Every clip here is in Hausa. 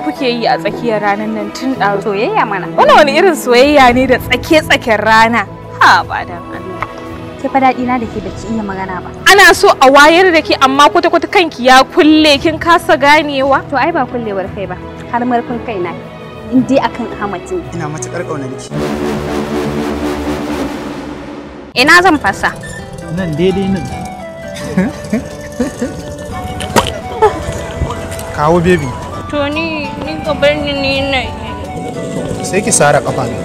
me kuke yi a tsakiyar ranar nan tun da Soyayya mana. Wani wani irin soyayya ne da tsake-tsaken rana? Ha ba da, Ke fa daɗi na da ke baki iya magana ba. Ana so a wayar da ke amma kwata-kwata kanki ya kulle kin kasa ganewa. To ai ba kullewar kai ba har marfin kai na. In dai akan Ahmadin. Ina matukar ƙaunar ki. Ina zan fasa. Nan daidai nan. Kawo bebi. to ni ni ka bar ni ni na sai ki sara kafa ne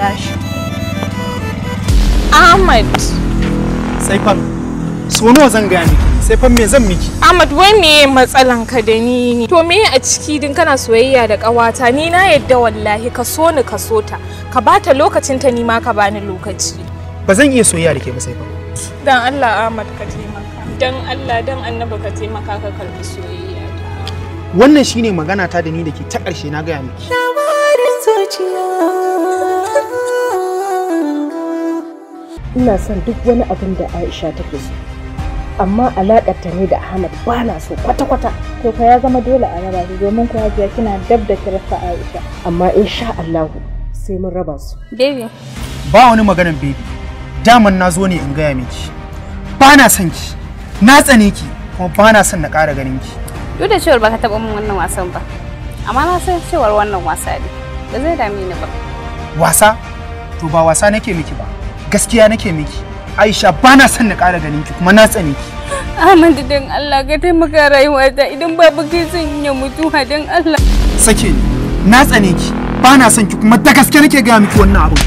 gashi Ahmad sai fa so nawa zan gaya miki sai fa me zan miki Ahmad wai me matsalan ka da ni to me a ciki din kana soyayya da kawata ni na yadda wallahi ka so ni ka so ta ka bata lokacin ta ni ma ka bani lokaci ba zan iya soyayya da ke ba sai fa dan Allah Ahmad ka taimaka dan Allah dan Annabi ka taimaka ka karbi soyayya wannan shine magana ta da ni da ke ta ƙarshe na gaya miki ina son duk wani abin da aisha take so amma alaƙar ta ne da ahmad ba na so kwata-kwata to fa ya zama dole a raba su domin ku hajiya kina dab da kirfa aisha amma in sha allahu sai mun raba su baby ba wani maganan baby daman na zo ne in gaya miki ba na son ki na tsane ki kuma ba na son na ƙara ganin ki duk da cewar baka taba min wannan wasan ba amma na san cewar wannan wasa ne ba zai dame ni ba wasa to ba wasa nake miki ba gaskiya nake miki aisha ba na son na ƙara ganin ki kuma na tsane ki Ahmadu dan Allah ka taimaka ta idan babu kai zan mutu mutuwa dan Allah. Sake ni, na tsane ki, ba na son ki kuma da gaske nake ga miki wannan abu.